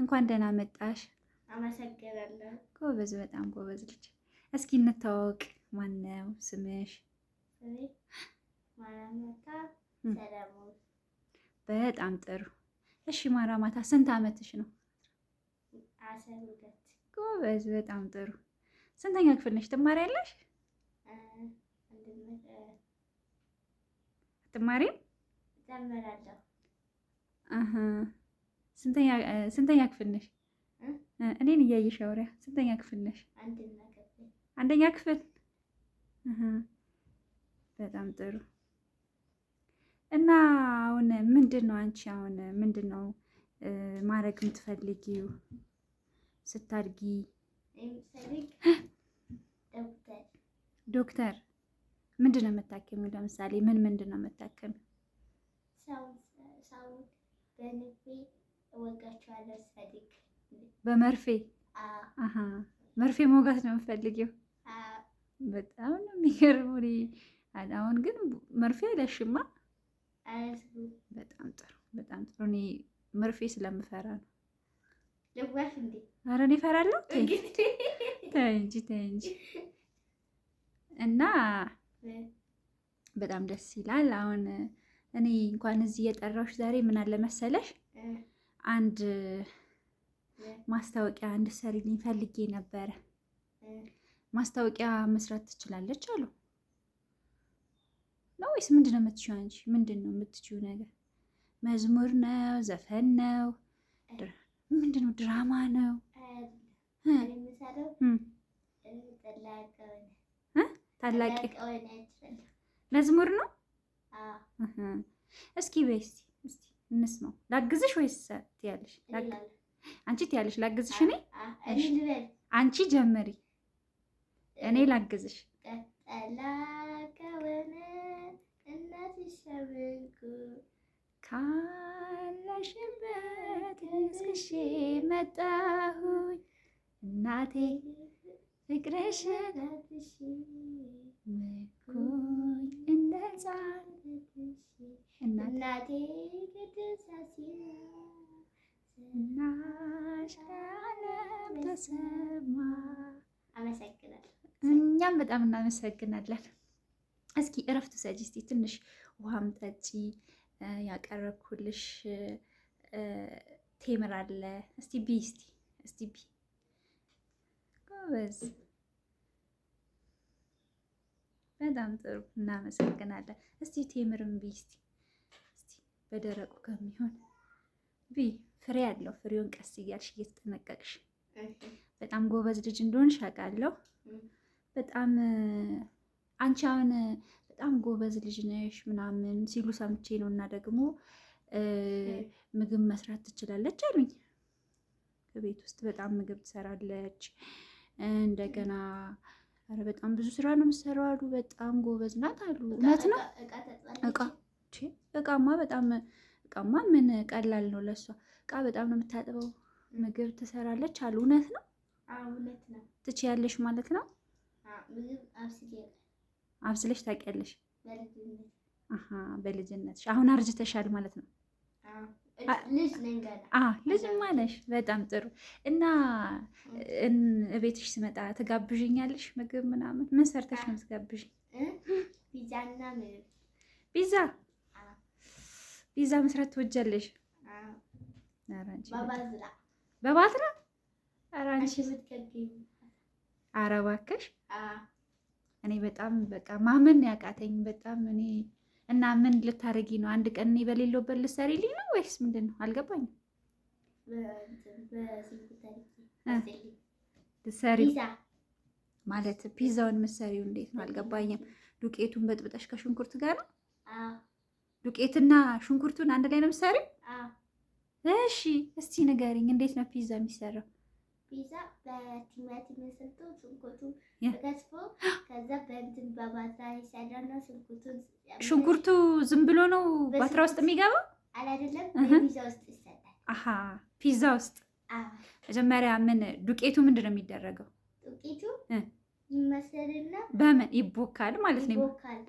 እንኳን ደህና መጣሽ። አመሰግናለሁ። ጎበዝ፣ በጣም ጎበዝ ልጅ። እስኪ እንታወቅ፣ ማነው ስምሽ? በጣም ጥሩ። እሺ፣ ማራማታ ስንት አመትሽ ነው? ጎበዝ፣ በጣም ጥሩ። ስንተኛ ክፍል ነሽ? ትማሪያለሽ? ትማሪም ስንተኛ ክፍል ነሽ? እኔን እያየሽ አውሪያ። ስንተኛ ክፍል ነሽ? አንደኛ ክፍል። በጣም ጥሩ። እና አሁን ምንድን ነው አንቺ አሁን ምንድን ነው ማድረግ የምትፈልጊው ስታድጊ? ዶክተር ምንድን ነው የምታከሚው? ለምሳሌ ምን ምንድን ነው የምታከሚው? በመርፌ መርፌ መውጋት ነው የምፈልጊው? በጣም ነው የሚገርሙ። አሁን ግን መርፌ አይለሽማ። በጣም ጥሩ በጣም ጥሩ። እኔ መርፌ ስለምፈራ ነው። ኧረ እኔ እፈራለሁ። ተይ እንጂ ተይ እንጂ። እና በጣም ደስ ይላል። አሁን እኔ እንኳን እዚህ የጠራሁሽ ዛሬ ምን አለ መሰለሽ አንድ ማስታወቂያ እንድትሰሪልኝ ፈልጌ ነበረ። ማስታወቂያ መስራት ትችላለች አሉ ነው ወይስ ምንድን ነው የምትችይው? አንቺ ምንድን ነው የምትችይው ነገር? መዝሙር ነው? ዘፈን ነው? ምንድን ነው? ድራማ ነው? ታላቅ መዝሙር ነው። እስኪ በይ እስኪ እንስማው። ላግዝሽ ወይስ ትያለሽ? አንቺ ትያለሽ ላግዝሽ። እኔ አንቺ ጀምሪ፣ እኔ ላግዝሽ። ካለሽበት እስክሽ መጣሁኝ እናቴ ፍቅርሽን ምኩኝ እንደዛ እናቴ እኛም በጣም እናመሰግናለን። እስኪ እረፍት ውሰጂ እስኪ ትንሽ ውሃም ጠጪ። ያቀረብኩልሽ ቴምር አለ። እስቲ ቢ እስቲ እስቲ ቢ ጎበዝ። በጣም ጥሩ እናመሰግናለን። እስቲ ቴምርም ቢ እስቲ በደረቁ ከሚሆን ቢ ፍሬ ያለው ፍሬውን ቀስ እያልሽ እየተጠነቀቅሽ በጣም ጎበዝ ልጅ እንደሆንሽ አውቃለሁ። በጣም አንቺ አሁን በጣም ጎበዝ ልጅ ነሽ ምናምን ሲሉ ሰምቼ ነው። እና ደግሞ ምግብ መስራት ትችላለች አሉኝ። በቤት ውስጥ በጣም ምግብ ትሰራለች። እንደገና ኧረ በጣም ብዙ ስራ ነው የምትሰራው አሉ። በጣም ጎበዝ ናት አሉ። እውነት ነው እቃ እቃማ በጣም እቃማ ምን ቀላል ነው ለሷ። እቃ በጣም ነው የምታጥበው፣ ምግብ ትሰራለች አሉ። እውነት ነው ትችያለሽ ማለት ነው። አብስለሽ ታውቂያለሽ? በልጅነትሽ። አሁን አርጅተሻል ማለት ነው። ልጅማ ነሽ። በጣም ጥሩ። እና ቤትሽ ስመጣ ትጋብዥኛለሽ ምግብ ምናምን? ምን ሰርተሽ ነው ትጋብዥኝ? ቢዛ? ፒዛ መስራት ትወጃለሽ? በባትራ አረባከሽ እኔ በጣም በቃ ማመን ያቃተኝ በጣም እኔ እና ምን ልታረጊ ነው? አንድ ቀን እኔ በሌለውበት ልትሰሪልኝ ነው ወይስ ምንድን ነው? አልገባኝም። ልትሰሪው ማለት ፒዛውን የምትሰሪው እንዴት ነው? አልገባኝም። ዱቄቱን በጥብጠሽ ከሽንኩርት ጋር ነው ዱቄትና ሽንኩርቱን አንድ ላይ ነው የምትሰሪው? እሺ፣ እስቲ ንገሪኝ፣ እንዴት ነው ፒዛ የሚሰራው? ፒዛ በቲማቲም ተከትፎ ከዛ በእንትን በባታ ይሰራና ሽንኩርቱ ዝም ብሎ ነው ባትራ ውስጥ የሚገባው አላደለም፣ ፒዛ ውስጥ ይሰራል። ፒዛ ውስጥ መጀመሪያ ምን ዱቄቱ ምንድን ነው የሚደረገው? ዱቄቱ ይመስልና በምን ይቦካል ማለት ነው ይቦካል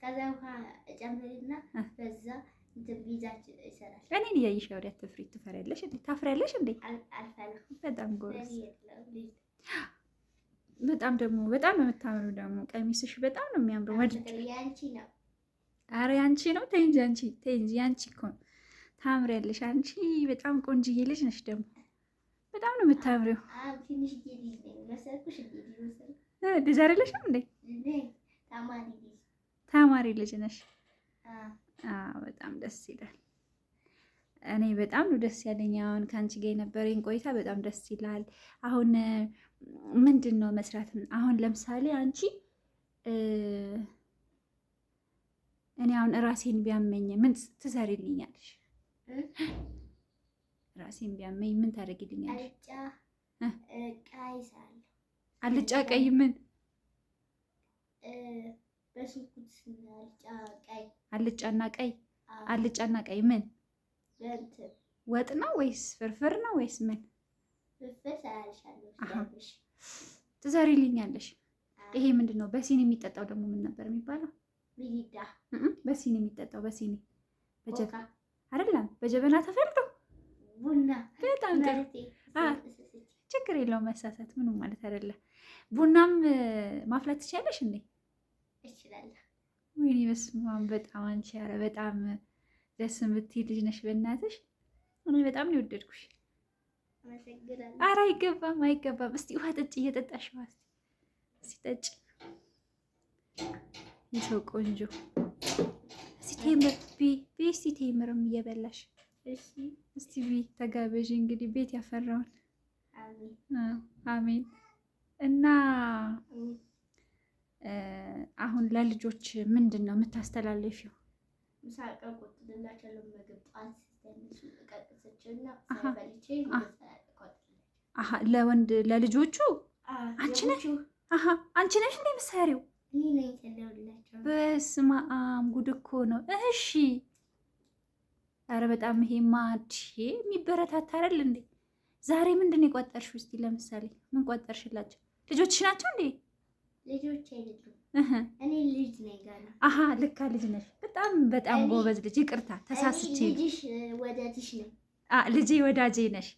ከዛ ውሃ እጨምርና በዛ ቪዛችን እኔን እያየሽ አውሪ፣ አትፍሪ። ትፈሪያለሽ እንዴ? ታፍሪያለሽ እንዴ? በጣም ጎበዝ። በጣም ደግሞ በጣም የምታምሩ ደግሞ ቀሚስሽ በጣም ነው የሚያምረው። ወድጄ ኧረ ያንቺ ነው። ተይ እንጂ አንቺ፣ ተይ እንጂ አንቺ እኮ ታምሪያለሽ። አንቺ በጣም ቆንጅዬ ልጅ ነሽ። ደግሞ በጣም ነው የምታምሪው። ዲዛይን የለሽም እንዴ? ተማሪ ልጅ ነሽ። በጣም ደስ ይላል። እኔ በጣም ነው ደስ ያለኝ አሁን ከአንቺ ጋር የነበረኝ ቆይታ በጣም ደስ ይላል። አሁን ምንድን ነው መስራት? አሁን ለምሳሌ አንቺ እኔ አሁን ራሴን ቢያመኝ ምን ትሰሪልኛለሽ? ራሴን ቢያመኝ ምን ታደርግልኛለሽ? አልጫ ቀይ ምን አልጫና ቀይ አልጫና ቀይ ምን ወጥ ነው ወይስ ፍርፍር ነው ወይስ ምን ትሰሪልኛለሽ? ይሄ ምንድን ነው? በሲኒ የሚጠጣው ደግሞ ምን ነበር የሚባለው? በሲኒ የሚጠጣው በሲኒ አይደለም፣ በጀበና ተፈልቶ በጣም ችግር የለውም መሳሳት ምንም ማለት አይደለም። ቡናም ማፍላት ትችያለሽ እንዴ? እችላለሁ። ወይኔ በስመ በጣም አንቺ ያረ በጣም ደስ የምትይ ልጅ ነሽ። በእናትሽ እኔ በጣም ነው የወደድኩሽ። አረ አይገባም፣ አይገባም። እስቲ ውሃ ጠጭ፣ እየጠጣሽ ውሃ እስቲ ጠጭ። የሰው ቆንጆ እስቲ ቴምር ቢ ቢ እስቲ ቴምርም እየበላሽ እስቲ ቢ ተጋበዥ። እንግዲህ ቤት ያፈራውን አሜን እና አሁን ለልጆች ምንድን ነው የምታስተላለፊው? ለወንድ ለልጆቹ አንቺ ነሽ አንቺ ነሽ እንደ ምሳሪው በስመ አብ ጉድ እኮ ነው። እሺ አረ በጣም ይሄ ማድ የሚበረታታ አይደል እንዴ? ዛሬ ምንድን ነው የቋጠርሽ? ውስጥ ለምሳሌ ምን ቋጠርሽላቸው? ልጆችሽ ናቸው እንዴ? ልጆች እኔ ልጅ ነኝ ገና። አሀ ልካ ልጅ ነሽ። በጣም በጣም ጎበዝ ልጅ። ይቅርታ ተሳስቼ። ልጅሽ ወዳጅሽ ነኝ። ልጄ ወዳጄ ነሽ።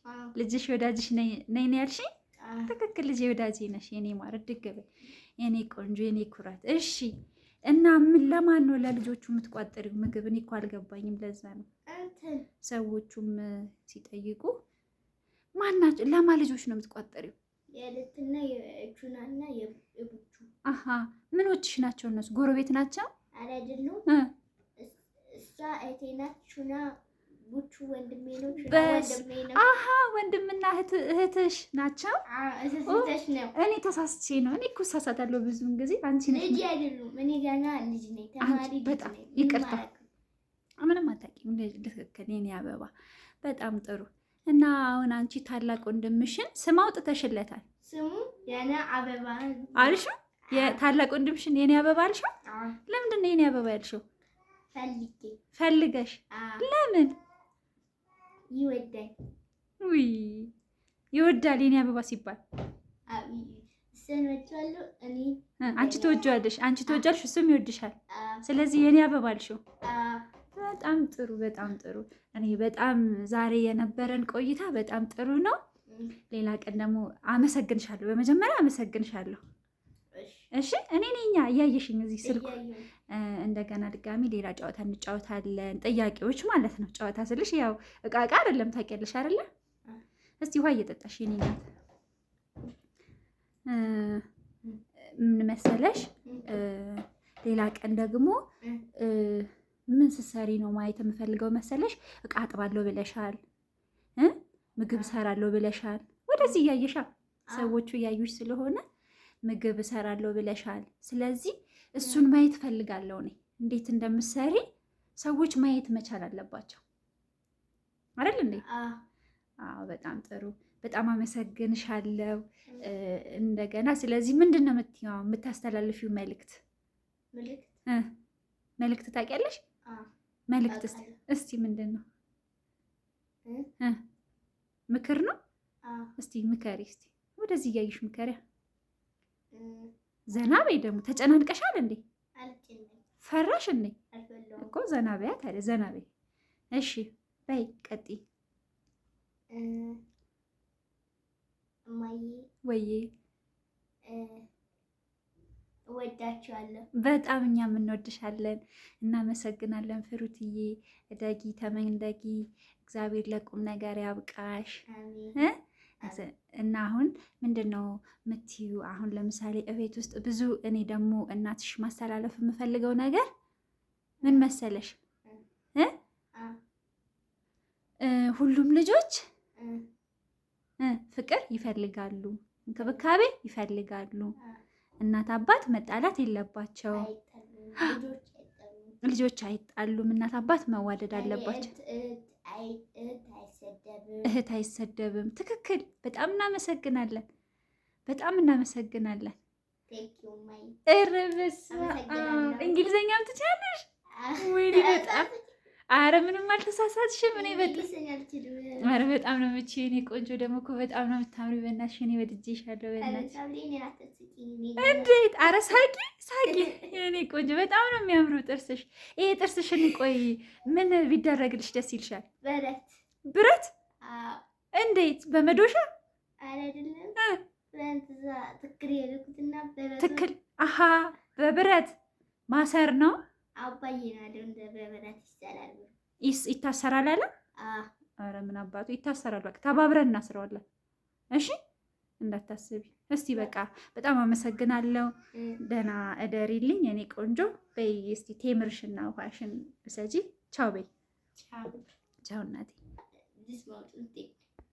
ልጅሽ ወዳጅሽ ነኝ ነው ያልሽኝ? ትክክል። ልጄ ወዳጄ ነሽ። የኔ ማር ድገበ፣ የኔ ቆንጆ፣ የኔ ኩራት። እሺ። እና ምን ለማን ነው ለልጆቹ የምትቋጠሪው ምግብ? እኔ እኮ አልገባኝም። ለዛ ነው ሰዎቹም ሲጠይቁ ማናቸው ለማ ልጆች ነው የምትቋጠሪው? የልትና የእጁናና የቡቹ አሀ ምኖችሽ ናቸው? እነሱ ጎረቤት ናቸው አይደሉም? እሷ እህቴ ናት። ቹና ቡቹ ወንድሜ ነው። ቹና ወንድሜ ነው። አሀ ወንድምና እህትሽ ናቸው? እኔ ተሳስቼ ነው። እኔ እኮ እሳሳታለሁ ብዙውን ጊዜ። አንቺ ነሽ ልጅ አይደሉም? እኔ ገና ልጅ ነኝ፣ ተማሪ ልጅ ነኝ። ይቅርታ ምንም አታውቂም። ትክክል የኔ አበባ። በጣም ጥሩ እና አሁን አንቺ ታላቅ ወንድምሽን ስም አውጥተሽለታል። ስሙ የኔ አበባ አልሽው። የታላቅ ወንድምሽን የኔ አበባ አልሽው። ለምንድን ነው የኔ አበባ ያልሽው? ፈልጌ ፈልገሽ። ለምን ይወዳል? ውይ ይወዳል። የኔ አበባ ሲባል አንቺ ትወጂዋለሽ፣ አንቺ ትወጃለሽ፣ እሱም ይወድሻል። ስለዚህ የኔ አበባ አልሽው። በጣም ጥሩ በጣም ጥሩ። እኔ በጣም ዛሬ የነበረን ቆይታ በጣም ጥሩ ነው። ሌላ ቀን ደግሞ አመሰግንሻለሁ። በመጀመሪያ አመሰግንሻለሁ። እሺ እኔ ነኛ እያየሽኝ እዚህ ስልኩ። እንደገና ድጋሚ ሌላ ጨዋታ እንጫወታለን፣ ጥያቄዎች ማለት ነው። ጨዋታ ስልሽ ያው እቃ እቃ አይደለም፣ ታውቂያለሽ አይደለ? እስቲ ውሃ እየጠጣሽ የኔናት ምን መሰለሽ፣ ሌላ ቀን ደግሞ ምን ስትሰሪ ነው ማየት የምፈልገው መሰለሽ? እቃ አጥባለሁ ብለሻል፣ ምግብ እሰራለሁ ብለሻል። ወደዚህ እያየሻ ሰዎቹ እያዩሽ ስለሆነ ምግብ እሰራለሁ ብለሻል። ስለዚህ እሱን ማየት እፈልጋለሁ እኔ እንዴት እንደምሰሪ ሰዎች ማየት መቻል አለባቸው። አይደል እንዴ? በጣም ጥሩ። በጣም አመሰግንሻለሁ። እንደገና ስለዚህ ምንድን ነው የምታስተላልፊው መልእክት? መልእክት ታውቂያለሽ? መልእክት እስቲ ምንድን ነው? ምክር ነው። እስቲ ምከሪ፣ እስቲ ወደዚህ እያየሽ ምከሪያ። ዘና በይ ደግሞ። ተጨናንቀሻል እንዴ? ፈራሽ እንዴ? እኮ ዘና በያ ታዲያ፣ ዘና በይ። እሺ በይ ቀጢ ወይዬ እወዳችኋለሁ። በጣም እኛም እንወድሻለን። እናመሰግናለን ፍሩትዬ። እደጊ ተመንደጊ። እግዚአብሔር ለቁም ነገር ያብቃሽ እና አሁን ምንድን ነው የምትዩ? አሁን ለምሳሌ እቤት ውስጥ ብዙ እኔ ደግሞ እናትሽ ማስተላለፍ የምፈልገው ነገር ምን መሰለሽ ሁሉም ልጆች ፍቅር ይፈልጋሉ፣ እንክብካቤ ይፈልጋሉ። እናት አባት መጣላት የለባቸው። ልጆች አይጣሉም። እናት አባት መዋደድ አለባቸው። እህት አይሰደብም። ትክክል። በጣም እናመሰግናለን። በጣም እናመሰግናለን። እርብስ እንግሊዘኛም ትችላለሽ ወይ? በጣም አረ ምንም አልተሳሳትሽም። እኔ አረ በጣም ነው ምቺ እኔ ቆንጆ ደግሞ እኮ በጣም ነው የምታምሪ። በእናትሽ እኔ ወድጄሻለሁ። እንዴት! አረ ሳቂ ሳቂ፣ እኔ ቆንጆ በጣም ነው የሚያምረው ጥርስሽ። ይሄ ጥርስሽን ቆይ ምን ቢደረግልሽ ደስ ይልሻል? ብረት እንዴት? በመዶሻ ትክል? አሀ በብረት ማሰር ነው አባዬን በመላት ይሰራል ይታሰራል አለ። ምን አባቱ ይታሰራል። በቃ ተባብረን እናስረዋለን። እሺ እንዳታስቢ። እስቲ በቃ በጣም አመሰግናለሁ። ደህና እደሪልኝ የኔ ቆንጆ። በይ እስቲ ቴምርሽና ውሃሽን ውሰጂ። ቻው በይ። ቻው እናቴ።